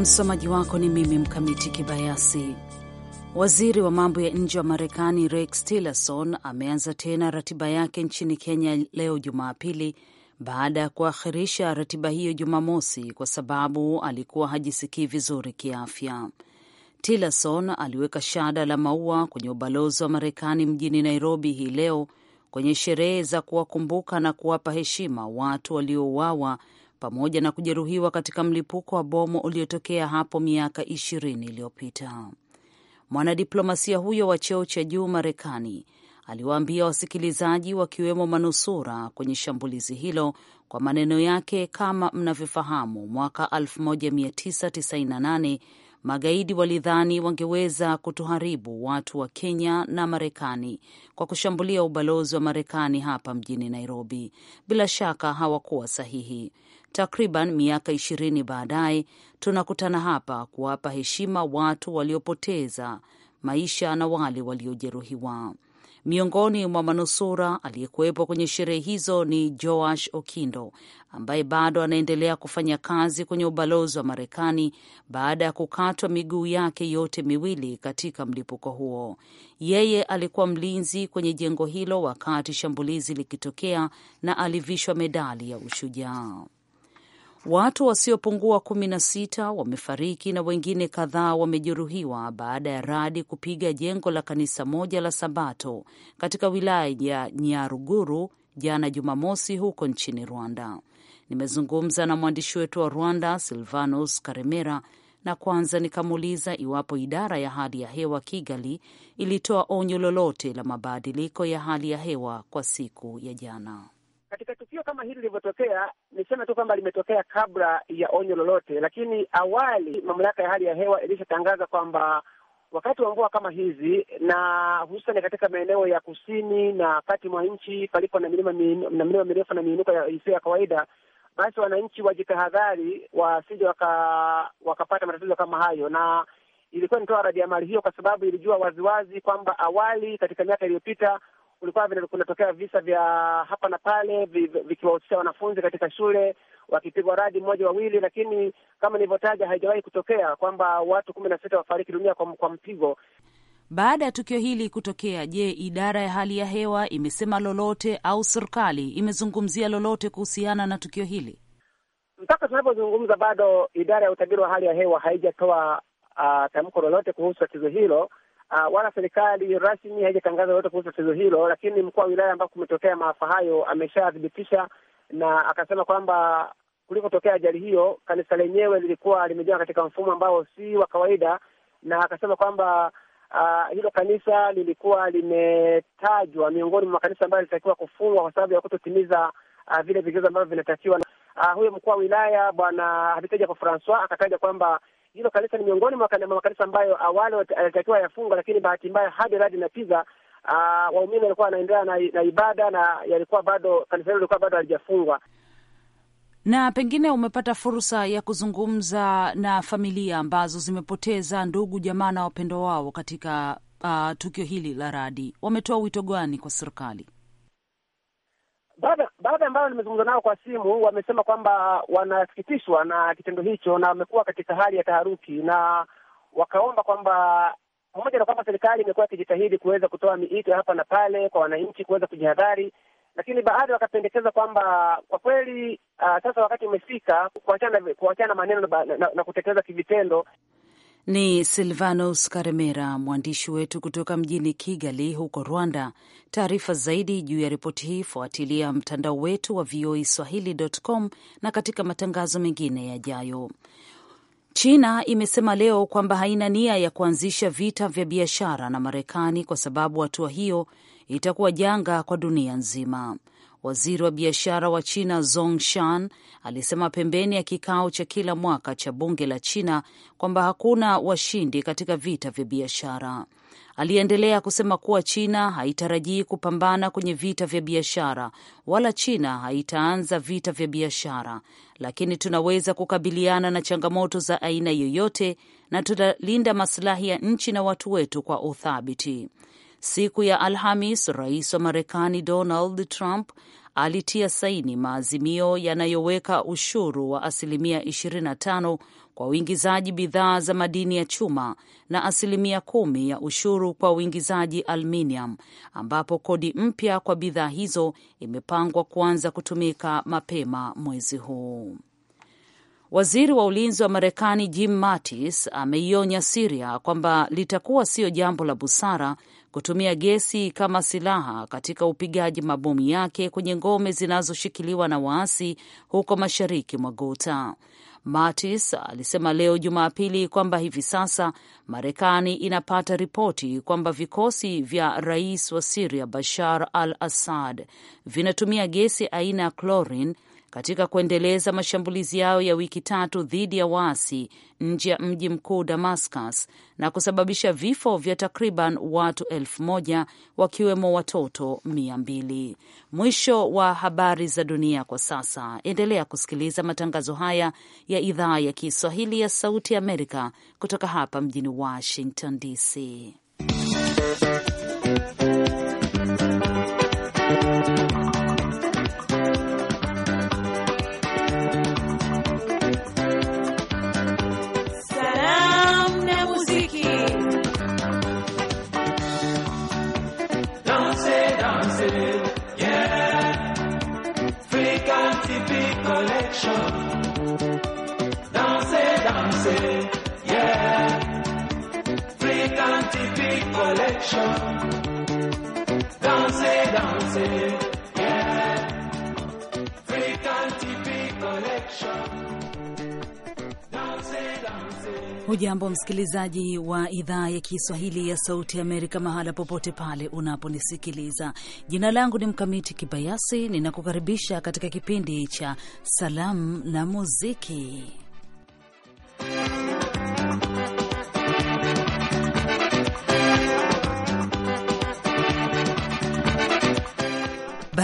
Msomaji wako ni mimi Mkamiti Kibayasi. Waziri wa mambo ya nje wa Marekani Rex Tillerson ameanza tena ratiba yake nchini Kenya leo Jumapili baada ya kuakhirisha ratiba hiyo Jumamosi kwa sababu alikuwa hajisikii vizuri kiafya. Tillerson aliweka shada la maua kwenye ubalozi wa Marekani mjini Nairobi hii leo kwenye sherehe za kuwakumbuka na kuwapa heshima watu waliouawa pamoja na kujeruhiwa katika mlipuko wa bomu uliotokea hapo miaka ishirini iliyopita. Mwanadiplomasia huyo wa cheo cha juu Marekani aliwaambia wasikilizaji wakiwemo manusura kwenye shambulizi hilo kwa maneno yake, kama mnavyofahamu, mwaka 1998 magaidi walidhani wangeweza kutuharibu watu wa Kenya na Marekani kwa kushambulia ubalozi wa Marekani hapa mjini Nairobi. Bila shaka hawakuwa sahihi. Takriban miaka ishirini baadaye tunakutana hapa kuwapa heshima watu waliopoteza maisha na wale waliojeruhiwa. Miongoni mwa manusura aliyekuwepo kwenye sherehe hizo ni Joash Okindo ambaye bado anaendelea kufanya kazi kwenye ubalozi wa Marekani baada ya kukatwa miguu yake yote miwili katika mlipuko huo. Yeye alikuwa mlinzi kwenye jengo hilo wakati shambulizi likitokea na alivishwa medali ya ushujaa. Watu wasiopungua kumi na sita wamefariki na wengine kadhaa wamejeruhiwa baada ya radi kupiga jengo la kanisa moja la Sabato katika wilaya ya Nyaruguru jana Jumamosi, huko nchini Rwanda. Nimezungumza na mwandishi wetu wa Rwanda Silvanus Karemera na kwanza nikamuuliza iwapo idara ya hali ya hewa Kigali ilitoa onyo lolote la mabadiliko ya hali ya hewa kwa siku ya jana katika tukio kama hili lilivyotokea, niseme tu kwamba limetokea kabla ya onyo lolote, lakini awali mamlaka ya hali ya hewa ilishatangaza kwamba wakati wa mvua kama hizi na hususani katika maeneo ya kusini na kati mwa nchi palipo na milima mirefu na miinuko isiyo ya kawaida, basi wananchi wajitahadhari wasije waka, wakapata matatizo kama hayo, na ilikuwa nitoa radiamali hiyo kwa sababu ilijua waziwazi kwamba awali katika miaka iliyopita kulikuwa kunatokea visa vya hapa na pale vikiwahusisha wanafunzi katika shule wakipigwa radi mmoja wawili, lakini kama nilivyotaja, haijawahi kutokea kwamba watu kumi na sita wafariki dunia kwa, kwa mpigo. Baada ya tukio hili kutokea, je, idara ya hali ya hewa imesema lolote au serikali imezungumzia lolote kuhusiana na tukio hili? Mpaka tunavyozungumza, bado idara ya utabiri wa hali ya hewa haijatoa uh, tamko lolote kuhusu tatizo hilo. Uh, wala serikali rasmi haijatangaza yote kuhusu tatizo hilo, lakini mkuu wa wilaya ambao kumetokea maafa hayo ameshathibitisha na akasema kwamba kulikotokea ajali hiyo kanisa lenyewe lilikuwa limejengwa katika mfumo ambao si wa kawaida, na akasema kwamba uh, hilo kanisa lilikuwa limetajwa miongoni mwa kanisa ambayo lilitakiwa kufungwa kwa sababu ya kutotimiza uh, vile vigezo ambavyo vinatakiwa. Uh, huyo mkuu wa wilaya bwana Habitaja kwa Francois akataja kwamba hilo kanisa ni miongoni mwa makanisa ambayo awali alitakiwa yafungwa, lakini bahati mbaya hadi radi na piza uh, ah, waumini walikuwa wanaendelea na, na ibada na yalikuwa bado kanisa hilo lilikuwa bado halijafungwa. Na pengine umepata fursa ya kuzungumza na familia ambazo zimepoteza ndugu, jamaa na wapendo wao katika uh, tukio hili la radi, wametoa wito gani kwa serikali? baadhi ambayo nimezungumza nao kwa simu wamesema kwamba wanasikitishwa na kitendo hicho na wamekuwa katika hali ya taharuki, na wakaomba kwamba pamoja na kwamba serikali imekuwa ikijitahidi kuweza kutoa miito hapa na pale kwa wananchi kuweza kujihadhari, lakini baadhi wakapendekeza kwamba kwa kweli, uh, sasa wakati umefika kuachana kuachana maneno na, na, na, na kutekeleza kivitendo. Ni Silvanus Karemera, mwandishi wetu kutoka mjini Kigali huko Rwanda. Taarifa zaidi juu ya ripoti hii fuatilia mtandao wetu wa VOA e Swahili.com na katika matangazo mengine yajayo. China imesema leo kwamba haina nia ya kuanzisha vita vya biashara na Marekani kwa sababu hatua hiyo itakuwa janga kwa dunia nzima. Waziri wa biashara wa China Zong Shan alisema pembeni ya kikao cha kila mwaka cha bunge la China kwamba hakuna washindi katika vita vya biashara. Aliendelea kusema kuwa China haitarajii kupambana kwenye vita vya biashara wala China haitaanza vita vya biashara, lakini tunaweza kukabiliana na changamoto za aina yoyote na tutalinda masilahi ya nchi na watu wetu kwa uthabiti. Siku ya Alhamis, rais wa Marekani Donald Trump alitia saini maazimio yanayoweka ushuru wa asilimia 25 kwa uingizaji bidhaa za madini ya chuma na asilimia kumi ya ushuru kwa uingizaji aluminium, ambapo kodi mpya kwa bidhaa hizo imepangwa kuanza kutumika mapema mwezi huu. Waziri wa ulinzi wa Marekani Jim Mattis ameionya Siria kwamba litakuwa sio jambo la busara kutumia gesi kama silaha katika upigaji mabomu yake kwenye ngome zinazoshikiliwa na waasi huko mashariki mwa Ghouta. Mattis alisema leo Jumapili kwamba hivi sasa Marekani inapata ripoti kwamba vikosi vya rais wa Siria Bashar al Assad vinatumia gesi aina ya chlorine katika kuendeleza mashambulizi yao ya wiki tatu dhidi ya waasi nje ya mji mkuu Damascus na kusababisha vifo vya takriban watu elfu moja wakiwemo watoto mia mbili. Mwisho wa habari za dunia kwa sasa. Endelea kusikiliza matangazo haya ya idhaa ya Kiswahili ya Sauti ya Amerika kutoka hapa mjini Washington DC. collection. Hujambo msikilizaji wa idhaa ya Kiswahili ya Sauti Amerika, mahala popote pale unaponisikiliza. Jina langu ni Mkamiti Kibayasi, ninakukaribisha katika kipindi cha Salamu na Muziki.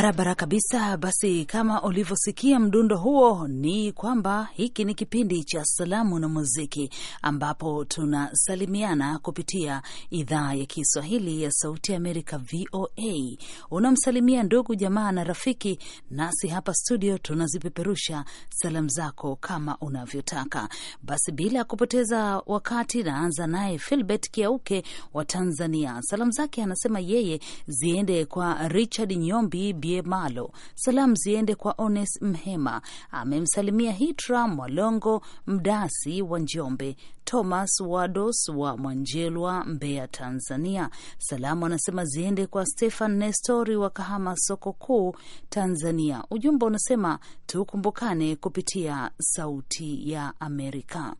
Barabara kabisa. Basi kama ulivyosikia mdundo huo, ni kwamba hiki ni kipindi cha salamu na muziki ambapo tunasalimiana kupitia idhaa ya Kiswahili ya Sauti ya Amerika, VOA. Unamsalimia ndugu jamaa na rafiki, nasi hapa studio tunazipeperusha salamu zako kama unavyotaka. Basi bila ya kupoteza wakati, naanza naye Filbert Kiauke wa Tanzania. Salamu zake anasema yeye ziende kwa Richard Nyombi Ye Malo. Salamu ziende kwa Ones Mhema, amemsalimia Hitra Mwalongo Mdasi wa Njombe, Thomas Wados wa Mwanjelwa, Mbeya, Tanzania. Salamu anasema ziende kwa Stefan Nestori wa Kahama, soko kuu, Tanzania. Ujumbe unasema tukumbukane kupitia Sauti ya Amerika.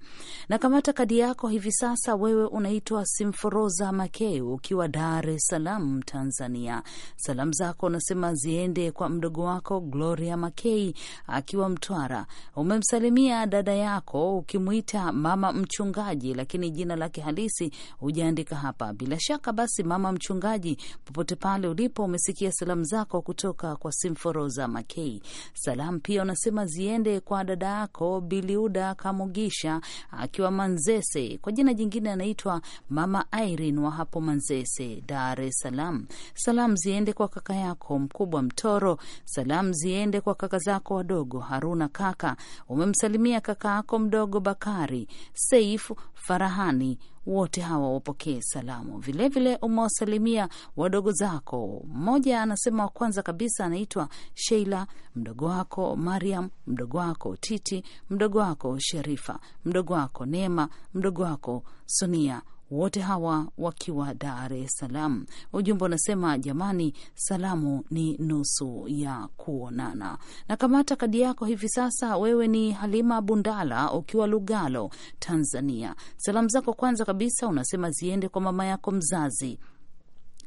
Na kamata kadi yako hivi sasa, wewe unaitwa Simforoza makei ukiwa Dar es Salaam, Tanzania. Salamu zako unasema ziende kwa mdogo wako Gloria Makei akiwa Mtwara. Umemsalimia dada yako ukimwita mama mchunga mchungaji, lakini jina lake halisi hujaandika hapa. Bila shaka basi, mama mchungaji, popote pale ulipo, umesikia salamu zako kutoka kwa Simforoza Makei. Salamu pia unasema ziende kwa dada yako Biliuda Kamugisha akiwa Manzese, kwa jina jingine anaitwa Mama Irene wa hapo Manzese, Dar es Salaam. Salamu ziende kwa kaka yako mkubwa Mtoro. Salamu ziende kwa kaka zako wadogo Haruna kaka, umemsalimia kaka yako mdogo Bakari Seif Arif Farahani, wote hawa wapokee salamu. Vilevile umewasalimia wadogo zako. Mmoja anasema wa kwanza kabisa anaitwa Sheila, mdogo wako Mariam, mdogo wako Titi, mdogo wako Sherifa, mdogo wako Neema, mdogo wako Sonia wote hawa wakiwa Dar es Salaam. Ujumbe unasema jamani, salamu ni nusu ya kuonana. Na kamata kadi yako hivi sasa. Wewe ni Halima Bundala ukiwa Lugalo, Tanzania. Salamu zako kwanza kabisa unasema ziende kwa mama yako mzazi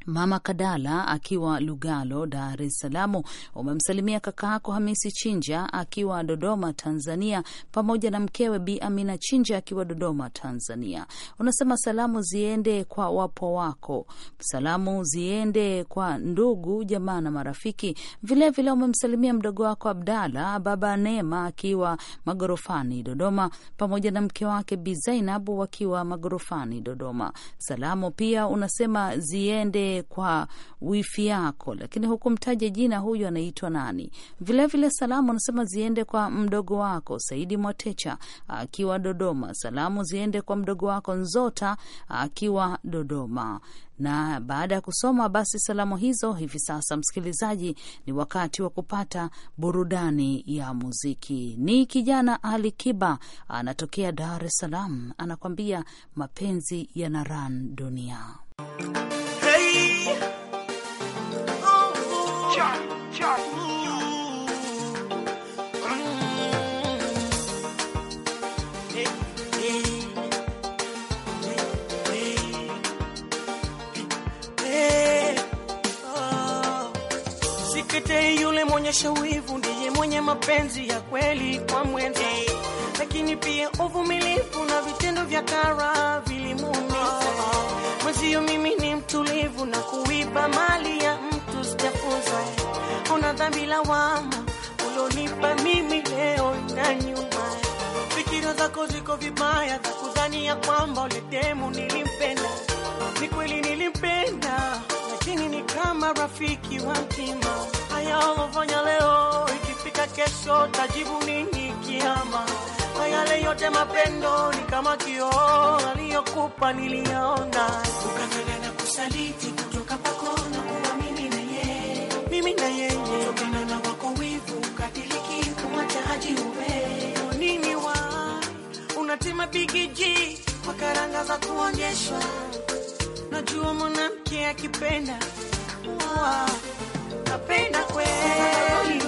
Mama Kadala akiwa Lugalo, Dar es Salaam. Umemsalimia kakaako Hamisi Chinja akiwa Dodoma, Tanzania, pamoja na mkewe Bi Amina Chinja akiwa Dodoma, Tanzania. Unasema salamu ziende kwa wapo wako, salamu ziende kwa ndugu jamaa na marafiki. Vilevile umemsalimia mdogo wako Abdala Baba Neema akiwa Magorofani, Dodoma, pamoja na mke wake Bi Zainabu wakiwa Magorofani, Dodoma. Salamu pia unasema ziende naye kwa wifi yako, lakini hukumtaja jina, huyu anaitwa nani. Vilevile vile salamu anasema ziende kwa mdogo wako Saidi Mwatecha akiwa Dodoma. Salamu ziende kwa mdogo wako Nzota akiwa Dodoma na baada ya kusoma basi salamu hizo, hivi sasa, msikilizaji, ni wakati wa kupata burudani ya muziki. Ni kijana Ali Kiba anatokea Dar es Salaam, anakwambia mapenzi yana ran dunia Sikete yule mwonyesha wivu ndiye mwenye mapenzi ya kweli kwa mwenzi lakini pia uvumilivu na vitendo vya kara vilimuumiza mwenzio. Mimi ni mtulivu na kuiba mali ya mtu sijafunza. Una dhambi lawama ulonipa mimi leo na nyuma Nia zako ziko vibaya za kudhania kwamba uletemu. Nilimpenda, ni kweli nilimpenda, lakini ni kama rafiki wa mtima. Haya ulofanya leo, ikifika kesho tajibu nini kiama? Kwa yale yote mapendo ni kama kio aliyokupa, niliona. ukatana na kusaliti kutoka kwako na kuamini na yeye, mimi na yeye mapigiji kwa karanga za kuonyeshwa, najua mwanamke akipenda, napenda kweli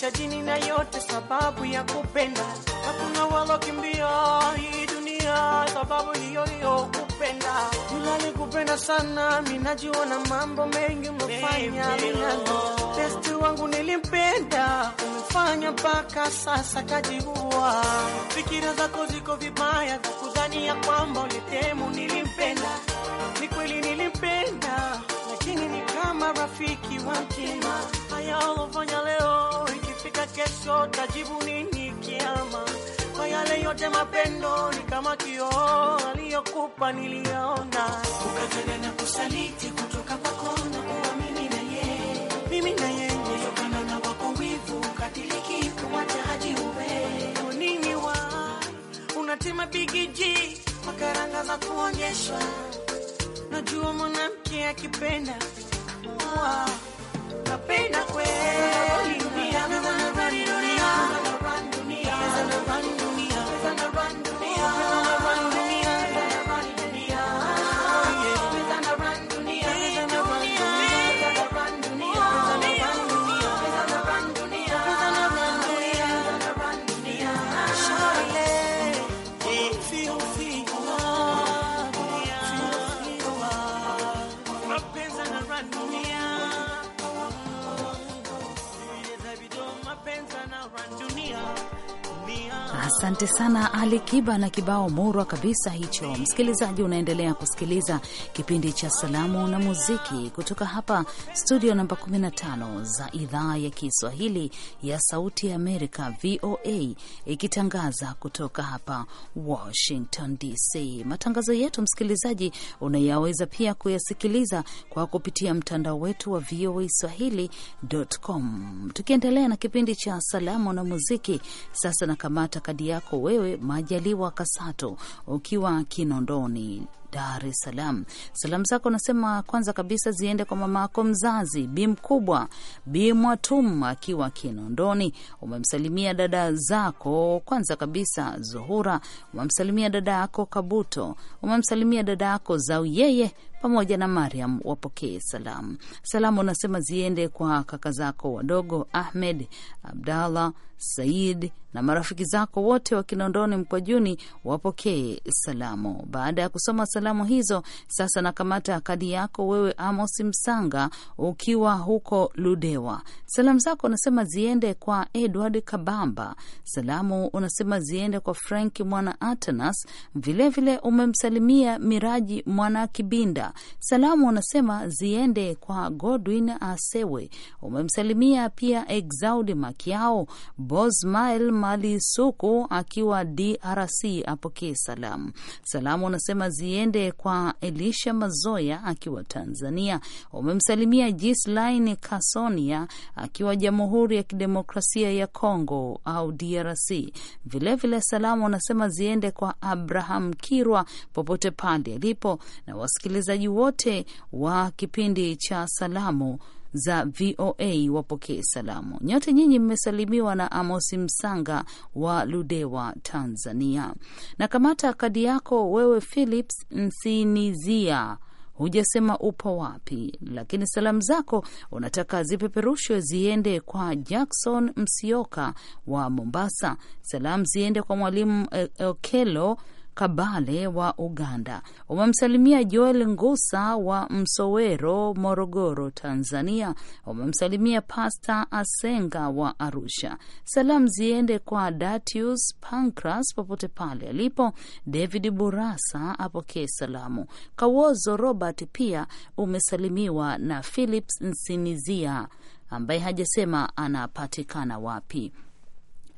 maisha jini na yote sababu ya kupenda, hakuna walokimbia hii dunia sababu hiyo hiyo kupenda. Yule alikupenda sana, mi najiona mambo mengi umefanya besti wangu nilimpenda, umefanya mpaka sasa kajiua. Fikira zako ziko vibaya za ya kwamba ulitemu. Nilimpenda, ni kweli nilimpenda, lakini ni kama rafiki wa mkima haya alofanya leo kesho tajibu nini kiama? Kwa yale yote mapendo ni kama kioo aliyokupa niliona, Ukatenda na kusaliti kutoka kwa kona kwa mimi na yeye, mimi na yeye kutokana na wako wivu katiliki kumwacha haji uwe nini wa unatima bigiji makaranga za kuonyeshwa, najua mwanamke akipenda napenda kweli I'm run it ready it. Asante sana Ali Kiba na kibao murwa kabisa hicho. Msikilizaji, unaendelea kusikiliza kipindi cha Salamu na Muziki kutoka hapa studio namba 15 za idhaa ya Kiswahili ya Sauti ya Amerika, VOA, ikitangaza kutoka hapa Washington DC. Matangazo yetu, msikilizaji, unayaweza pia kuyasikiliza kwa kupitia mtandao wetu wa VOA Swahili.com. Tukiendelea na kipindi cha Salamu na Muziki, sasa nakamata kadi yako wako wewe Majaliwa Kasato ukiwa Kinondoni Dar es Salaam. Salamu zako nasema kwanza kabisa ziende kwa mama yako mzazi Bi Mkubwa, Bi Mwatum akiwa Kinondoni. Umemsalimia dada zako kwanza kabisa Zuhura, umemsalimia dada yako Kabuto, umemsalimia dada yako yeye pamoja na Mariam, wapokee salamu. Salamu unasema ziende kwa kaka zako wadogo Ahmed Abdallah Said na marafiki zako wote wa Kinondoni Mkwajuni wapokee salamu. Baada ya kusoma salamu hizo, sasa nakamata kadi yako wewe, Amos Msanga, ukiwa huko Ludewa. Salamu zako unasema ziende kwa Edward Kabamba, salamu unasema ziende kwa Frank mwana Atanas, vilevile umemsalimia Miraji mwana Kibinda. Salamu unasema ziende kwa Godwin Asewe, umemsalimia pia Exaudi Makiao Bosmail Mali Suku akiwa DRC apokee salamu. Salamu unasema ziende kwa Elisha Mazoya akiwa Tanzania. Umemsalimia Gislaine Kasonia akiwa Jamhuri ya Kidemokrasia ya congo au DRC. Vilevile vile salamu unasema ziende kwa Abraham Kirwa popote pale alipo na wasikilizaji wote wa kipindi cha salamu za VOA wapokee salamu. Nyote nyinyi mmesalimiwa na Amosi Msanga wa Ludewa, Tanzania. Na kamata kadi yako wewe, Philips Nsinizia. Hujasema upo wapi, lakini salamu zako unataka zipeperushwe ziende kwa Jackson Msioka wa Mombasa. Salamu ziende kwa Mwalimu eh, Okelo Kabale wa Uganda wamemsalimia Joel Ngusa wa Msowero, Morogoro, Tanzania. Wamemsalimia Pasta Asenga wa Arusha. Salamu ziende kwa Datius Pancras popote pale alipo. David Burasa apokee salamu. Kawozo Robert pia umesalimiwa na Philips Nsinizia ambaye hajasema anapatikana wapi.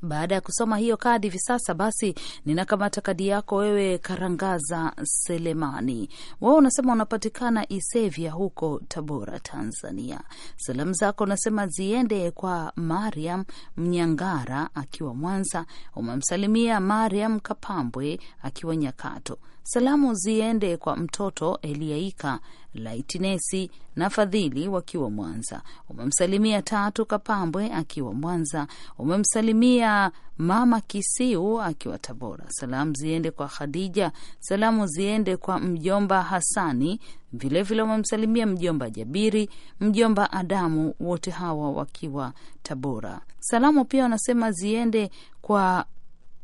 Baada ya kusoma hiyo kadi hivi sasa, basi ninakamata kadi yako wewe, Karangaza Selemani. Wewe unasema unapatikana Isevya huko Tabora, Tanzania. Salamu zako unasema ziende kwa Mariam Mnyangara akiwa Mwanza. Umemsalimia Mariam Kapambwe akiwa Nyakato. Salamu ziende kwa mtoto Eliaika Laitinesi na Fadhili wakiwa Mwanza. Umemsalimia Tatu Kapambwe akiwa Mwanza. Umemsalimia Mama Kisiu akiwa Tabora. Salamu ziende kwa Khadija. Salamu ziende kwa mjomba Hasani. Vilevile umemsalimia mjomba Jabiri, mjomba Adamu, wote hawa wakiwa Tabora. Salamu pia wanasema ziende kwa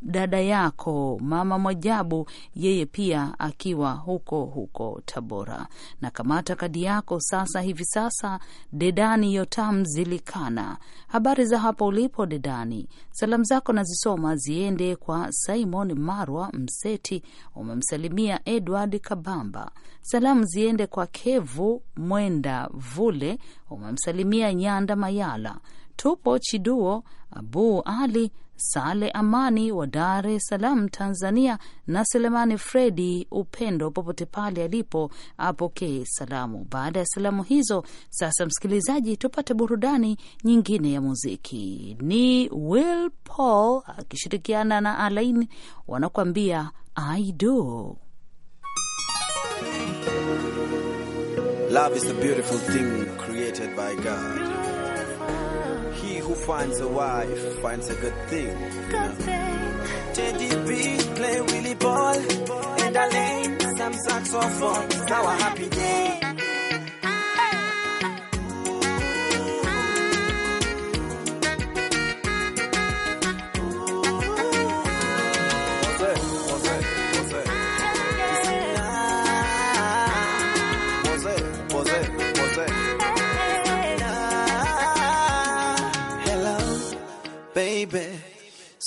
dada yako Mama Mwajabu, yeye pia akiwa huko huko Tabora. Na kamata kadi yako sasa hivi sasa. Dedani Yotam Zilikana, habari za hapo ulipo Dedani? Salamu zako nazisoma ziende kwa Simon Marwa Mseti, umemsalimia Edward Kabamba. Salamu ziende kwa Kevu Mwenda Vule, umemsalimia Nyanda Mayala Tupo Chiduo Abu Ali Sale Amani wa Dar es Salaam, Tanzania, na Selemani Fredi Upendo popote pale alipo apokee salamu. Baada ya salamu hizo, sasa msikilizaji, tupate burudani nyingine ya muziki. Ni Will Paul akishirikiana na Alain wanakuambia I do. Love is the beautiful thing created by God. who finds a wife finds a good thing. Good thing. JDB, play Willie Ball, and I lane, Sam saxophone. Oh. Now a happy day.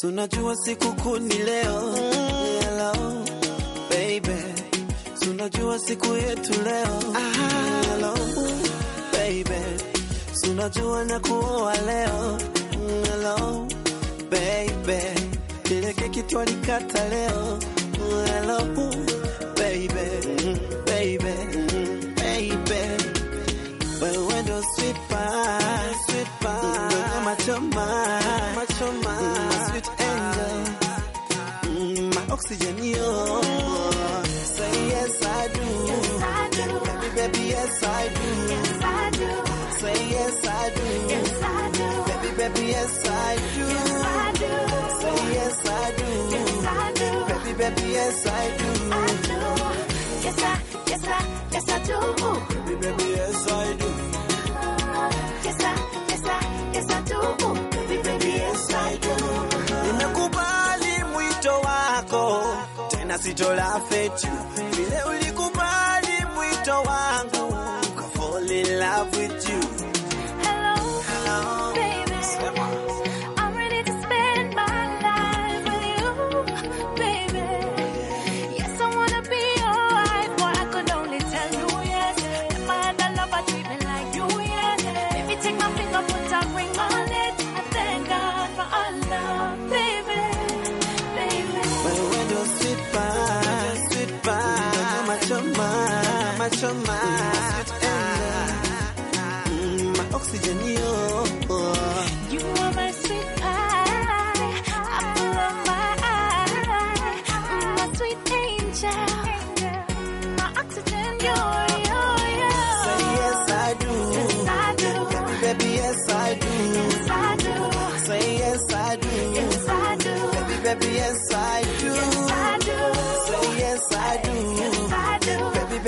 Sunajua siku kuu ni leo, hello baby. Sunajua siku yetu leo, hello baby. Sunajua na kuoa leo, hello baby. Ile keki twalikata leo, hello oxygen, yo. Say yes, I do. Yes, I do. Baby, baby, yes, I do. Yes, I do. Say yes, I do. Yes, I do. Baby, baby, yes, I do. Yes, I do. Say yes, I do. Yes, I do. Baby, baby, yes, I do. I do. Yes, I, yes, I, yes, I do. Baby, baby, yes, I do. sitolafe tu vile ulikubali mwito wangu, uka fall in love with you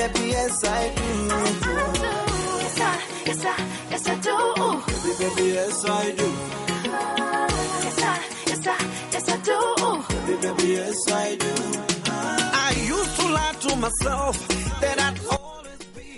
baby, yes I do. Yes I, yes I, yes I do. Baby, baby, yes I do. Yes I, yes I, yes I do. Baby, baby, yes I do. I used to lie to myself that I'd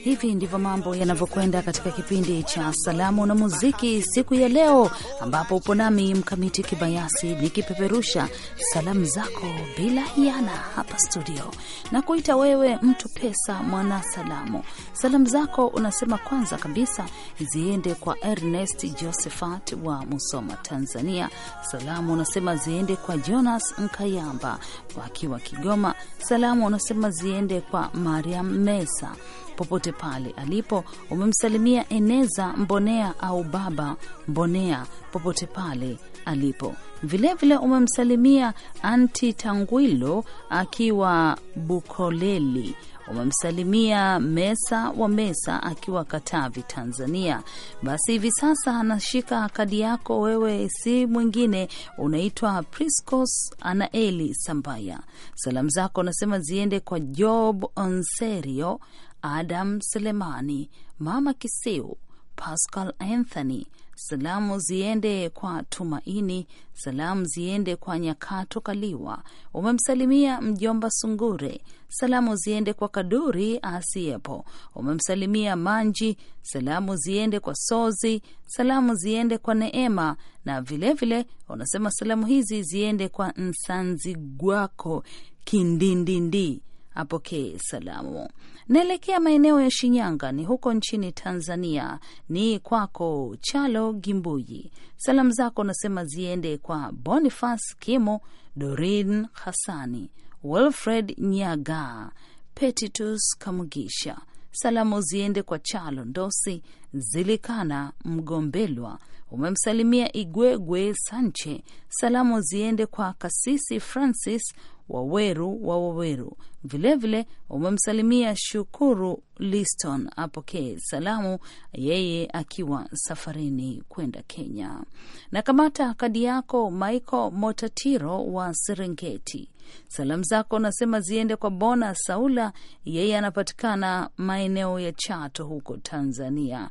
Hivi ndivyo mambo yanavyokwenda katika kipindi cha salamu na muziki siku ya leo, ambapo upo nami Mkamiti Kibayasi nikipeperusha salamu zako bila hiana hapa studio na kuita wewe mtu pesa mwana salamu. Salamu zako unasema kwanza kabisa ziende kwa Ernest Josephat wa Musoma, Tanzania. Salamu unasema ziende kwa Jonas Mkayamba wakiwa Kigoma. Salamu unasema ziende kwa Mariam Mesa popote pale alipo. Umemsalimia Eneza Mbonea au Baba Mbonea popote pale alipo. Vilevile umemsalimia Anti Tangwilo akiwa Bukoleli. Umemsalimia Mesa wa Mesa akiwa Katavi, Tanzania. Basi hivi sasa anashika kadi yako wewe, si mwingine unaitwa Priscos Anaeli Sambaya. Salamu zako unasema ziende kwa Job Onserio Adam Selemani, Mama Kiseu, Pascal Anthony. Salamu ziende kwa Tumaini, salamu ziende kwa Nyakato Kaliwa, umemsalimia mjomba Sungure, salamu ziende kwa Kaduri Asiepo, umemsalimia Manji, salamu ziende kwa Sozi, salamu ziende kwa Neema na vilevile vile, unasema salamu hizi ziende kwa nsanzi gwako Kindindindi apokee salamu. Naelekea maeneo ya Shinyanga, ni huko nchini Tanzania. Ni kwako Chalo Gimbuji, salamu zako nasema ziende kwa Bonifas Kimo, Dorin Hasani, Wilfred Nyaga, Petitus Kamugisha. Salamu ziende kwa Chalo Ndosi, Zilikana Mgombelwa. Umemsalimia Igwegwe Sanche. Salamu ziende kwa Kasisi Francis Waweru wa Waweru vilevile umemsalimia Shukuru Liston apokee salamu, yeye akiwa safarini kwenda Kenya. Na kamata kadi yako Michael Motatiro wa Serengeti Salamu zako nasema ziende kwa Bona Saula, yeye anapatikana maeneo ya Chato huko Tanzania.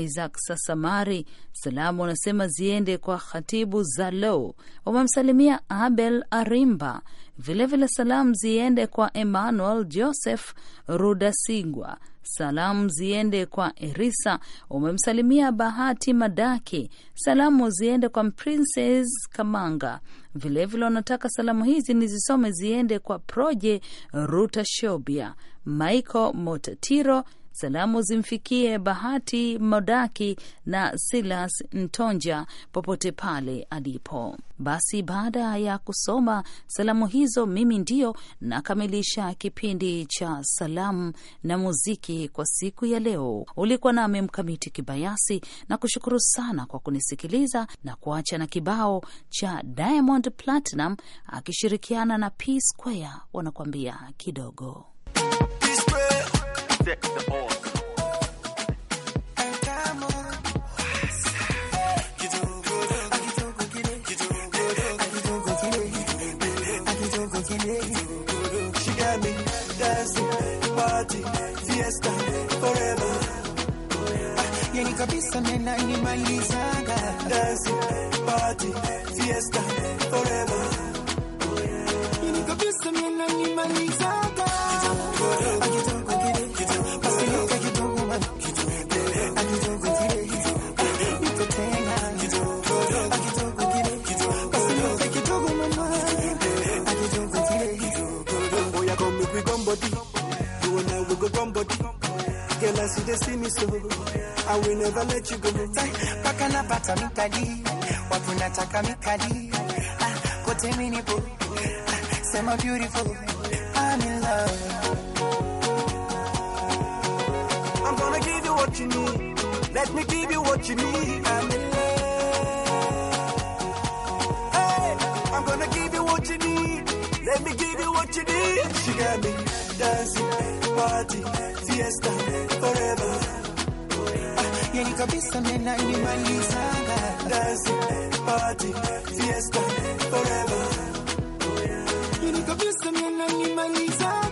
Isaac Sasamari, salamu anasema ziende kwa Khatibu Zalo, wamemsalimia Abel Arimba, vilevile salamu ziende kwa Emmanuel Joseph Rudasigwa Salamu ziende kwa Erisa, umemsalimia Bahati Madaki. Salamu ziende kwa Princess Kamanga. Vilevile wanataka salamu hizi nizisome ziende kwa Proje Ruta Shobia, Michael Motatiro Salamu zimfikie Bahati Modaki na Silas Ntonja popote pale alipo. Basi baada ya kusoma salamu hizo, mimi ndio nakamilisha kipindi cha salamu na muziki kwa siku ya leo. Ulikuwa nami Mkamiti Kibayasi na kushukuru sana kwa kunisikiliza na kuacha na kibao cha Diamond Platinum akishirikiana na P Square wanakuambia kidogo P Square check the board. kabisa mena jealous, you just see me so. I will never let you go. Paka napata mikadi, wapu nataka mikadi. Ah, kote po? ah, my beautiful, I'm in love. I'm gonna give you what you need. Let me give you what you need. I'm in love. Hey, I'm gonna give you what you need. Let me give you what you need. She got me. dancing, party, fiesta, forever. Yani kabisa mena nimalizanga. Dancing, party, fiesta, forever. Yani kabisa mena nimalizanga.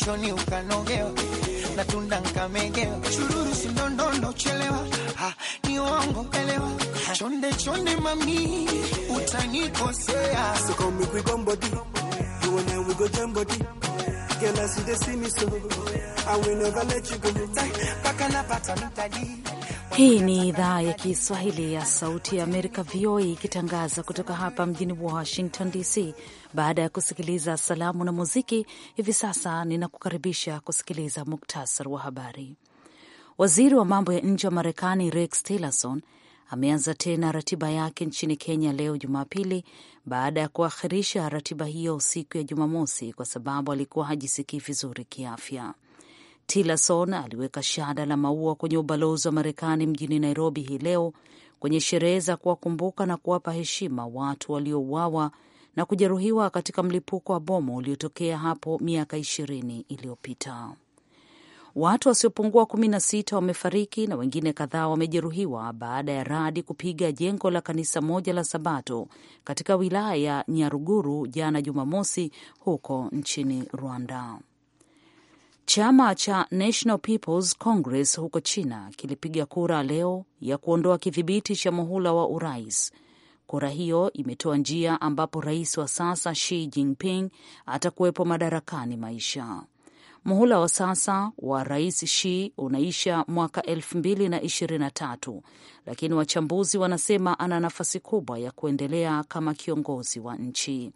mwishoni ukanogewa na tunda nkamegewa, chururu si ndondondo chelewa, ha, ah, ni wango elewa, chonde chonde mami utanikosea, so call me quick on body, you and I we go jam body, girl I see they see me so, I will never let you go, back and paka napata mtaji Hii ni idhaa ya Kiswahili ya Sauti ya Amerika, VOA, ikitangaza kutoka hapa mjini Washington DC. Baada ya kusikiliza salamu na muziki, hivi sasa ninakukaribisha kusikiliza muktasar wa habari. Waziri wa mambo ya nje wa Marekani Rex Tillerson ameanza tena ratiba yake nchini Kenya leo Jumapili, baada ya kuakhirisha ratiba hiyo siku ya Jumamosi kwa sababu alikuwa hajisikii vizuri kiafya. Tillerson aliweka shada la maua kwenye ubalozi wa Marekani mjini Nairobi hii leo kwenye sherehe za kuwakumbuka na kuwapa heshima watu waliouawa na kujeruhiwa katika mlipuko wa bomu uliotokea hapo miaka ishirini iliyopita. Watu wasiopungua kumi na sita wamefariki na wengine kadhaa wamejeruhiwa baada ya radi kupiga jengo la kanisa moja la Sabato katika wilaya ya Nyaruguru jana Jumamosi, huko nchini Rwanda. Chama cha National People's Congress huko China kilipiga kura leo ya kuondoa kidhibiti cha muhula wa urais. Kura hiyo imetoa njia ambapo rais wa sasa Xi Jinping atakuwepo madarakani maisha. Muhula wa sasa wa rais Xi unaisha mwaka elfu mbili na ishirini na tatu, lakini wachambuzi wanasema ana nafasi kubwa ya kuendelea kama kiongozi wa nchi.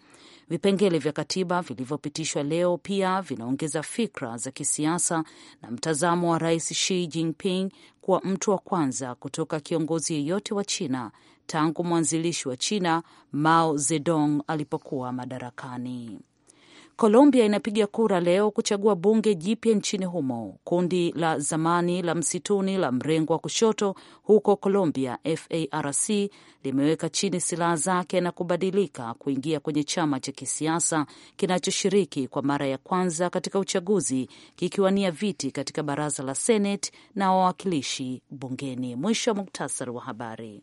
Vipengele vya katiba vilivyopitishwa leo pia vinaongeza fikra za kisiasa na mtazamo wa Rais Xi Jinping kuwa mtu wa kwanza kutoka kiongozi yeyote wa China tangu mwanzilishi wa China Mao Zedong alipokuwa madarakani. Colombia inapiga kura leo kuchagua bunge jipya nchini humo. Kundi la zamani la msituni la mrengo wa kushoto huko Colombia, FARC, limeweka chini silaha zake na kubadilika kuingia kwenye chama cha kisiasa kinachoshiriki kwa mara ya kwanza katika uchaguzi kikiwania viti katika baraza la senet na wawakilishi bungeni. Mwisho wa muktasari wa habari.